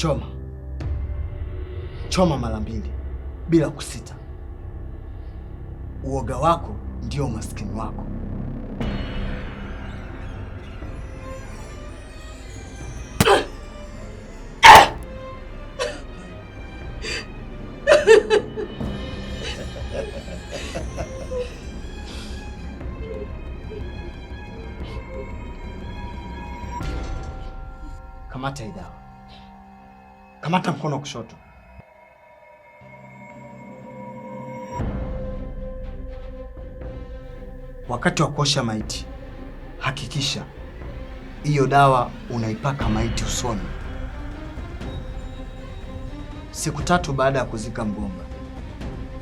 Choma, choma mara mbili bila kusita. Uoga wako ndio umaskini wako. Kamata idara. Kamata mkono wa kushoto. Wakati wa kuosha maiti, hakikisha hiyo dawa unaipaka maiti usoni. Siku tatu baada ya kuzika Mgomba,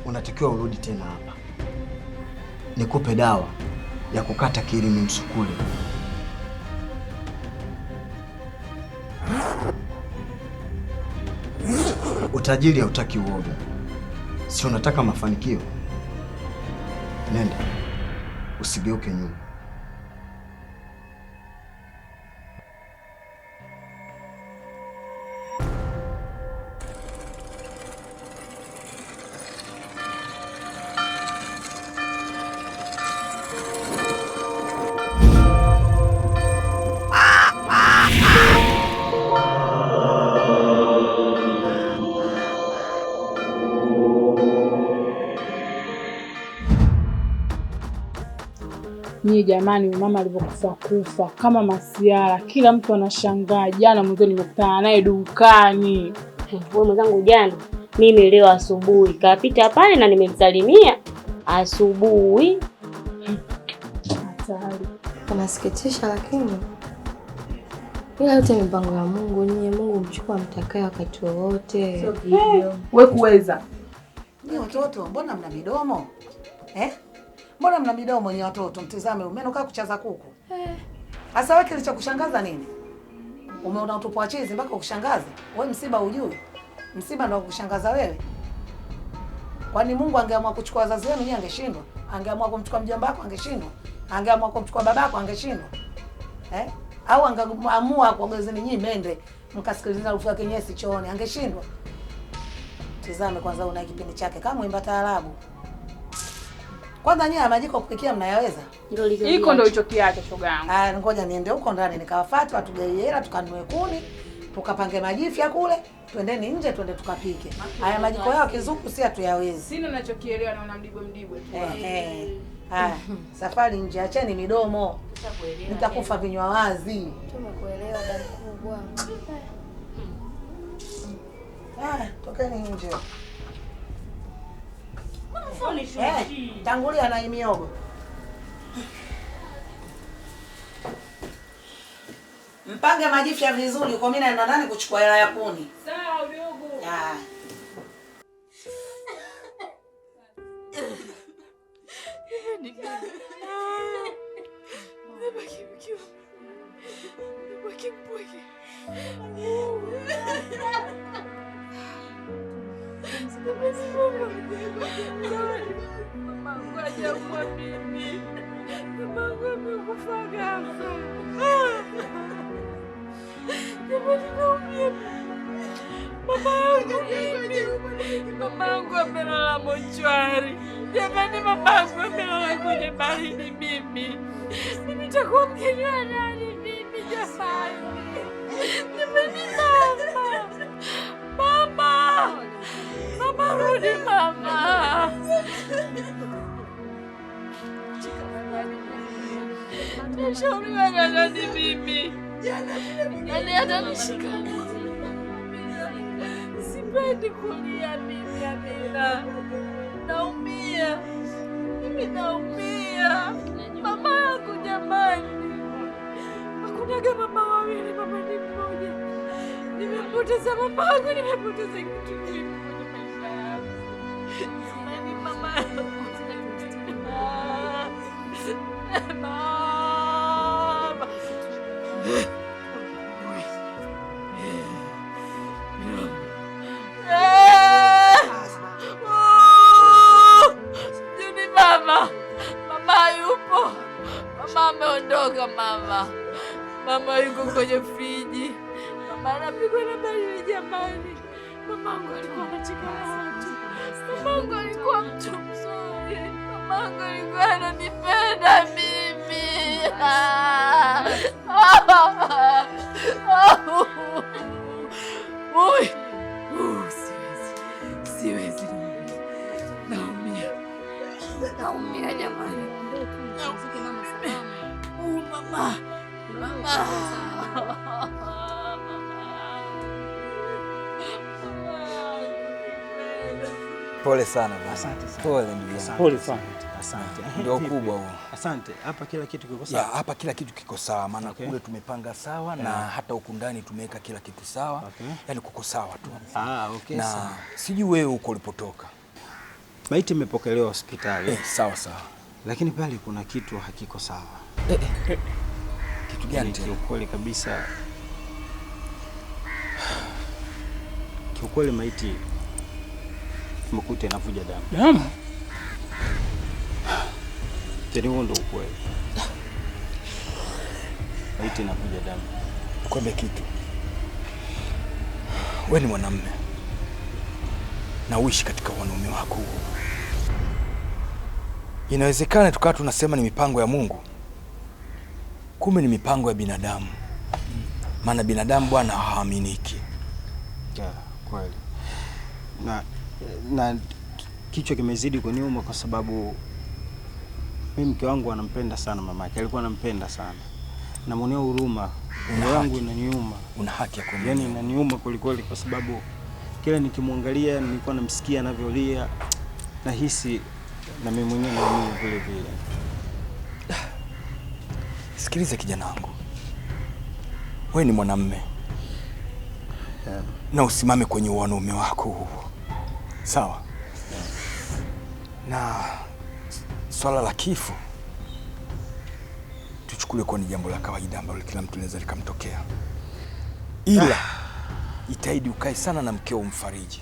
unatakiwa urudi tena hapa nikupe dawa ya kukata kirimi msukule. Tajiri hautaki uoga, si unataka mafanikio? Nenda, usigeuke nyuma. nyie jamani, mama alivyokufa kufa kama masiara, kila mtu anashangaa. Jana mwenzo nimekutana naye dukani, mwenzangu jana mimi leo asubuhi kapita pale na nimemsalimia asubuhi. Hatari, anasikitisha lakini, ila yote mipango ya Mungu. Nyie Mungu mchukua mtakaye wakati wowote. So, hey, we kuweza ni watoto, mbona mna midomo eh? Mbona mna midomo mwenye watoto? Mtizame huyu meno kama kuchaza kuku. Eh. Hasa wewe kilicho kushangaza nini? Umeona utupwa chizi mpaka ukushangaze? Wewe msiba ujui. Msiba ndio kukushangaza wewe. Kwani Mungu angeamua kuchukua wazazi wenu yeye angeshindwa? Angeamua kumchukua mjomba wako angeshindwa? Angeamua kumchukua babako angeshindwa? Eh? Au angeamua kwa gezini nyinyi mende mkasikiliza rufu yake nyesi chooni angeshindwa? Tizame kwanza una kipindi chake kama mwimba taarabu. Kwanza nyinyi majiko kupikia mnayaweza? Iko ndio hicho kiacho shoga yangu. Ah, ngoja niende huko ndani nikawafuate watugei hela tukanunue kuni, tukapange majifya kule, twendeni nje twende tukapike. Haya majiko yao kizungu si hatuyawezi. Sina ninachokielewa naona mdibo mdibo tu. Eh. Haya, safari nje acheni midomo. Nitakufa vinywa wazi. Tumekuelewa bwana kubwa. Ah, tokeni nje tangulia na imiogo mpange majifya vizuri, uko mimi naenda ndani kuchukua hela ya kuni. Sawa, ndugu. Ah. mimi. Mama amekufa ghafla. Jamani, naumia. Mama yangu mimi. Mama amelala mochwari. Jamani, mama yangu amelala kwenye baridi mimi. nitakuwa mgeni nani mimi jamani? Jamani mama. Mama. Mama rudi mama. Nishauriwa na nani mimi? Nani atanishika? Sipendi kulia mimi, Amina. Naumia. Mimi naumia. Mama yangu jamani. Hakunaga mama wawili, mama ni mmoja. Nimepoteza mama yangu nimepoteza kitu mama yuko kwenye friji, mama anapigwa na baridi jamani. Mama Mamangu alikuwa katika watu, mamangu alikuwa mtu mzuri, Mama mamangu alikuwa ananipenda mimi. Siwezi, siwezi, naumia, naumia jamani. Mama Pole sana. Asante sana. Pole ndugu yangu. Pole sana. Asante. Ndio kubwa huo. Asante. Hapa kila kitu kiko sawa. Ya, hapa kila kitu kiko sawa maana okay. Kule tumepanga sawa yeah. Na hata huku ndani tumeweka kila kitu sawa okay. Yaani kuko sawa tu. Ah, okay. Na sijui wewe huko ulipotoka. Maiti imepokelewa hospitali. Eh, sawa sawa. Lakini pale kuna kitu hakiko sawa. Eh, eh gani tena? Kiukweli kabisa, kiukweli maiti tumekuta inavuja damu damu, yaani huo ndo ukweli. Maiti inavuja damu. Kwambe kitu, we ni mwanamume na uishi katika wanaume wako inawezekana tukawa tunasema ni mipango ya Mungu kumbe ni mipango ya binadamu. Maana binadamu bwana haaminiki. Yeah, kweli. Na, na kichwa kimezidi kuniuma kwa sababu mimi mke wangu anampenda sana mama yake, alikuwa anampenda sana, namwonea huruma. Moyo wangu inaniuma, una haki ya kumwona, yani inaniuma kwelikweli, kwa sababu kila nikimwangalia, nilikuwa namsikia anavyolia, nahisi na mimi mwenyewe naumia vile vile. Sikilize kijana wangu, wewe ni mwanamme yeah. na usimame kwenye wanaume wako huo, sawa yeah. na swala la kifo tuchukulie kuwa ni jambo la kawaida ambalo kila mtu linaweza likamtokea, ila ah. itaidi ukae sana na mkeo umfariji.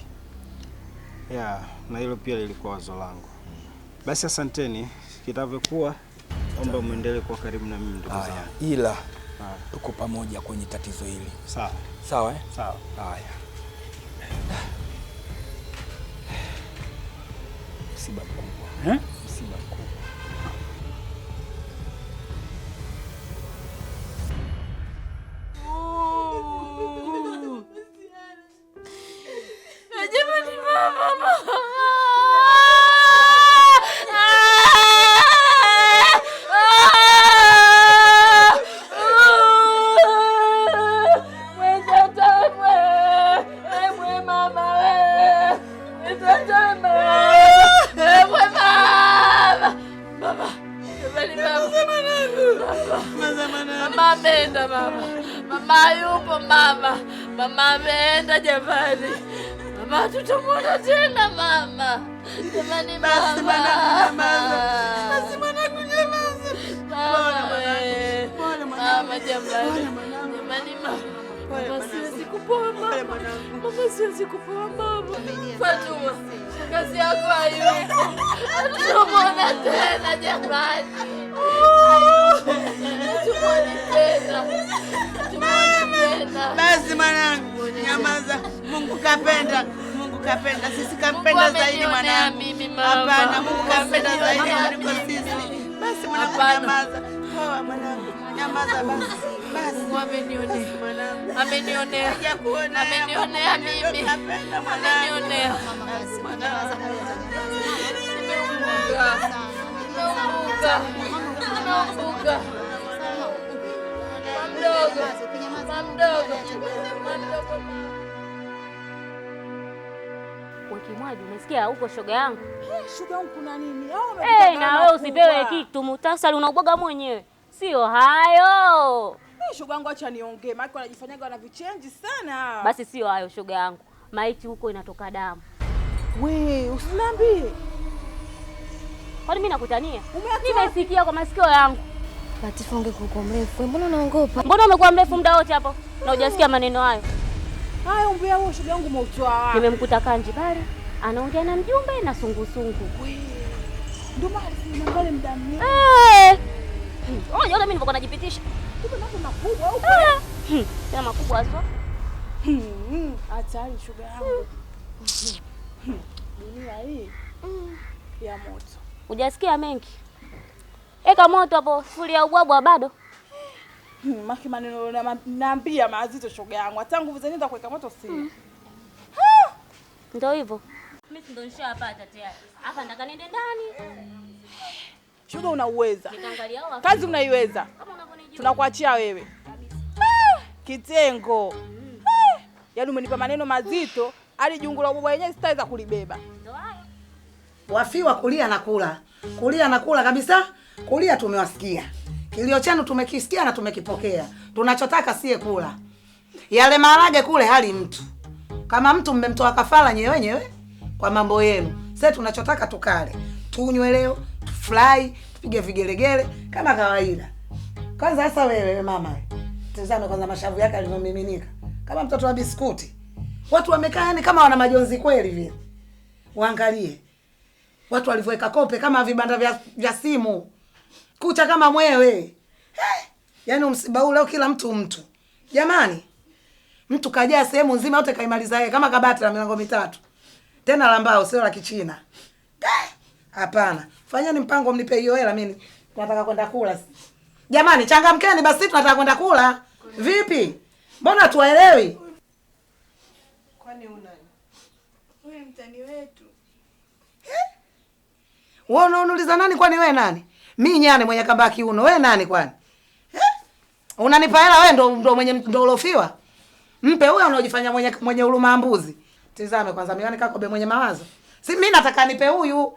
yeah, na hilo pia lilikuwa wazo langu. Hmm. Basi asanteni kitavyokuwa Naomba muendelee kuwa karibu na mimi ndugu zangu. Ila tuko pamoja kwenye tatizo hili. Sawa. Sawa eh? Sawa. Haya. Msiba mkubwa. Eh? Jamani basi mwanangu, basi mwanangu, eh. jamani, siwezi kupoa mama, siwezi kupoa mama. Fatuma, kazi yako hayuko, hatumwona tena jamani, oh. Basi mwanangu, nyamaza, Mungu kapenda kapenda sisi, kapenda zaidi mwanangu. Hapana, Mungu kapenda zaidi kuliko sisi. Basi mwanangu, nyamaza. Hawa mwanangu, nyamaza basi. Mungu Kimwaji, umesikia huko shoga yangu? Hey, eh, shoga yangu kuna nini? Hey, eh, na wewe usipewe kitu, muhtasari unaubwaga mwenyewe, sio hayo. Hey, eh, shoga yangu acha niongee, maana wanajifanyaga vichenji sana. Basi sio hayo shoga yangu, maiti huko inatoka damu. We usiniambie, kwani mimi nakutania? Nimesikia kwa masikio yangu. Latifa, ungekuwa uko mrefu, mbona unaogopa? Mbona umekuwa mrefu muda wote hapo na hujasikia maneno hayo? Haya, umbea huo shoga yangu, nimemkuta kanji bari anaongea na mjumbe na sungusungu. Unaona eh. hmm. oh, mimi nilikuwa najipitisha ah. hmm. tena makubwa sasa. Hmm, Hatari shuga yangu, dunia hii ya moto. Hujasikia mengi, eka moto hapo ya ubwabwa bado maki maneno naambia mazito, shoga yangu, hata nguvu zenyewe za kuweka moto sina. Ah. Ndio hivyo. Mimi ndo nishapata tayari. Hapa nataka niende ndani. unauweza. Kazi unaiweza. Tunakuachia wewe. Kitengo. Yaani umenipa maneno mazito, hadi jungu la yenyewe sitaweza kulibeba. Wafiwa kulia na kula. Kulia na kula kabisa. Kulia tumewasikia. Kilio chenu tumekisikia na tumekipokea. Tunachotaka sie kula. Yale maharage kule hali mtu. Kama mtu mmemtoa kafara nyewe nyewe kwa mambo yenu. Sasa tunachotaka tukale, tunywe leo, tufurahi, tupige vigelegele kama kawaida. Kwanza sasa wewe mama, tazama kwanza mashavu yake alivyomiminika kama mtoto wa biskuti. Watu wamekaa yani kama wana majonzi kweli vile. Waangalie watu walivyoweka kope kama vibanda vya, vya simu, kucha kama mwewe hey. Yani msiba huu leo kila mtu mtu, jamani, mtu kajaa sehemu nzima yote kaimaliza yeye kama kabati la milango mitatu tena la mbao, sio la Kichina. Eh, hapana, fanyeni mpango, mnipe hiyo hela. Mimi nataka kwenda kula. Jamani, changamkeni basi, tunataka kwenda kula. Vipi, mbona tuwaelewi? Kwani una wewe mtani wetu eh? wewe unauliza nani? Kwani wewe nani? Mi nyane mwenye kamba kiuno, wewe nani? Kwani eh? unanipa hela wewe Ndo ndo mwenye ndo ulofiwa? Mpe huyo unaojifanya mwenye mwenye huruma mbuzi Tizame kwanza miwani kako be mwenye mawazo. Si mimi nataka nipe huyu.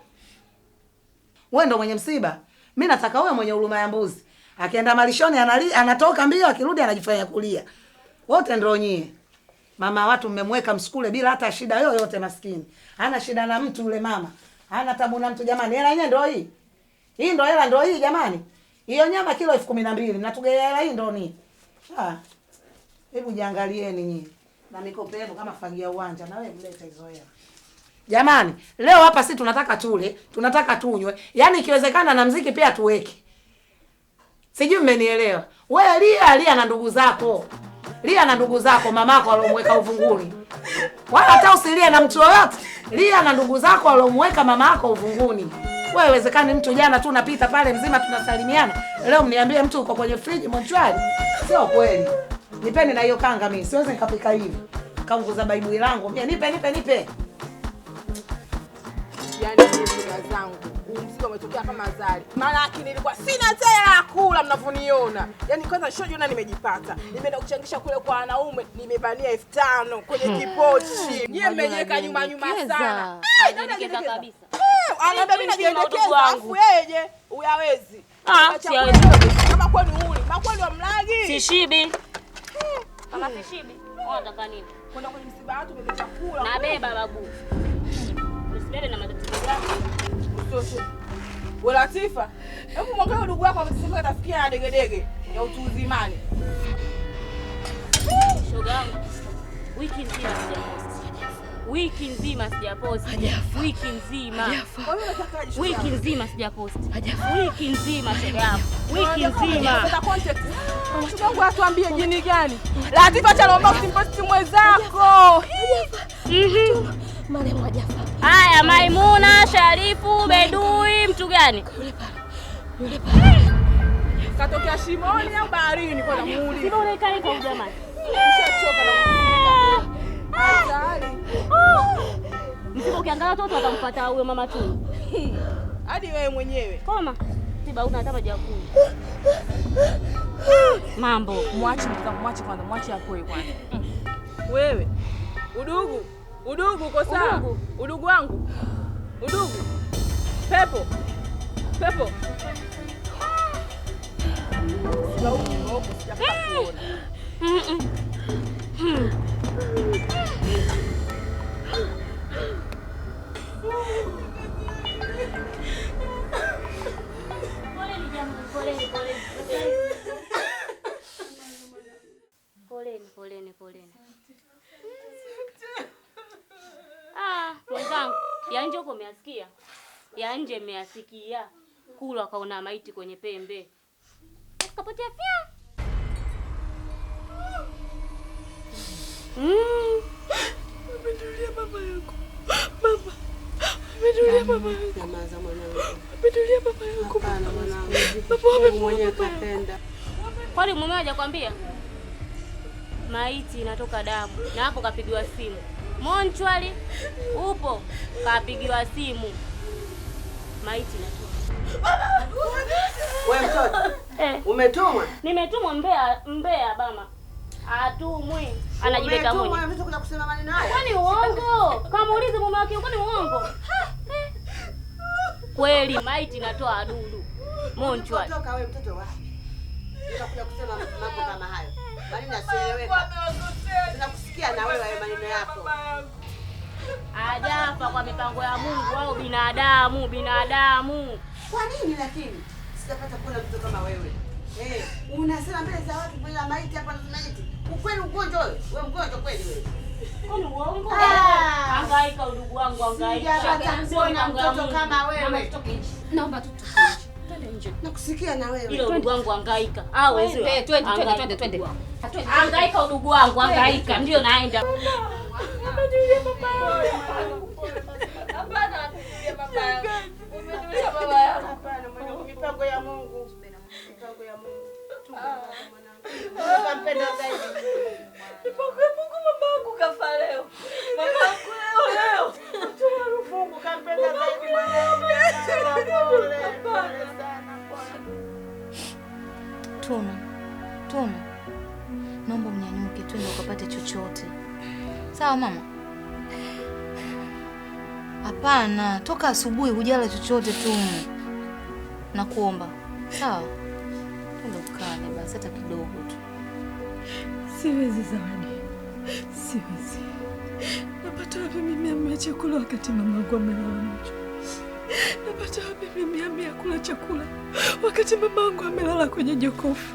Wewe ndo mwenye msiba. Mimi nataka wewe mwenye huruma ya mbuzi. Akienda malishoni anali, anatoka mbio akirudi anajifanya kulia. Wote ndio nyie. Mama watu mmemweka msukule bila hata shida yoyote maskini. Hana shida na mtu yule mama. Hana tabu na mtu jamani. Hela yenyewe ndio hii. Hii ndio hela ndio hii jamani. Hiyo nyama kilo elfu kumi na mbili. Mnatugea hela hii ndio ni. Ah. Hebu jiangalieni nyie na mikopo yenu kama fagia uwanja, na wewe mleta hizo hela. Jamani, leo hapa si tunataka tule, tunataka tunywe, yaani ikiwezekana na mziki pia tuweke. Sijui mmenielewa. Wewe lia lia na ndugu zako, lia na ndugu zako, mamako alomweka uvunguni, wala hata usilie na mtu yoyote. Lia na ndugu zako alomweka mamako uvunguni. Wewe iwezekani mtu jana tu unapita pale mzima tunasalimiana, leo mniambie mtu uko kwenye friji mochwari? Sio kweli nipeni na hiyo kanga, mimi siwezi nikapika hivi. Akaunguza baibui langu mimi, nipe nipe nipe. Yaani mimi zangu mzigo umetokea kama zali. Mara yake nilikuwa sina tela kula mnavyoniona. Yaani kwanza shojiona nimejipata. Nimeenda kuchangisha kule kwa wanaume, nimebania 5000 kwenye hmm. kipochi. Yeye mmejiweka nyuma nyuma sana. ndio ndio kabisa. Anaambia mimi najielekeza afu yeye huyawezi. Ah, siwezi. Kama kwani huli, makweli wa mlagi. Sishibi. Mama Kishibi, unataka nini? Kwenda kwenye msiba watu bebe chakula. Na beba babu. Usidede na matatizo yako. Usitoshe. Wewe Latifa, hebu mwangalie ndugu yako amesema atafikia degedege ya utu uzimani. Shoga yangu. Wiki nzima sijamwona wiki nzima sijapost, wiki nzima, wiki nzima wiki nzima, wiki nzima. Mungu atuambie jini gani? Latifa cha naomba usimposti mwenzako. Haya, Maimuna, Sharifu, Bedui, mtu gani? Katokea shimoni au baharini? Kwa jamani. Msiba ukiangalia watoto watamfuata huyo mama tu. Hadi wewe mwenyewe. Koma. Msiba una hata haja kuu. Mambo. Mwache mwache kwanza mwache akoe kwanza. Wewe. Udugu. Udugu uko sawa? Udugu wangu. Udugu. Pepo. Pepo. Sasa uko sasa. nje mmeyasikia kula, ukaona maiti kwenye pembe kapotea fya mm. Ametulia mama mama mama mama Kwani mume hajakwambia maiti inatoka damu? Na hapo kapigiwa simu Monchwali upo, kapigiwa simu maiti natoka. wewe mtoto eh. Umetumwa? Nimetumwa Mbeya, Mbeya bama atumwe anajileta Umetumwa mtoto kuja kusema maneno haya. Kwani uongo? Kama ulizi mume wake kwani uongo? Kweli maiti natoa adudu. Monchwa. Toka wewe mtoto wapi? Unakuja kusema mambo kama hayo. Bali nasielewe. sieleweka. Tunakusikia na wewe hayo maneno yako ajafa kwa mipango ya Mungu au binadamu. Binadamu kwa nini? Lakini sitapata kuona mtu kama wewe. Hey, eh, unasema mbele za watu bila maiti hapa na maiti. Ukweli ugonjwa wewe, wewe mgonjwa kweli wewe. Kwani uongo? Hangaika ah! ndugu wangu, angaika Sijapata kuona mtoto kama wewe. Naomba tu ah! twende nje. Nakusikia na wewe. Ile ndugu wangu angaika, Ah, wewe. Twende twende twende twende. Hangaika ndugu wangu, angaika, Ndio naenda. Anatulia Tuna. Tuna. Naomba mnyanyuke twende ukapate chochote. Sawa mama? Hapana, toka asubuhi hujala chochote tu, nakuomba sawa? Ndokale basi hata kidogo tu. Siwezi Zawadi, siwezi. Napata wapi mimi amia chakula wakati wangu amelala macho? Napata wapi mimi amia kula chakula wakati mamangu amelala kwenye jokofu?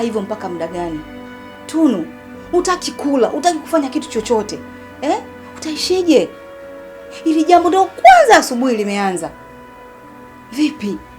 utakaa hivyo mpaka muda gani? Tunu, utaki kula, utaki kufanya kitu chochote eh? Utaishije? Ili jambo ndio kwanza asubuhi limeanza. Vipi?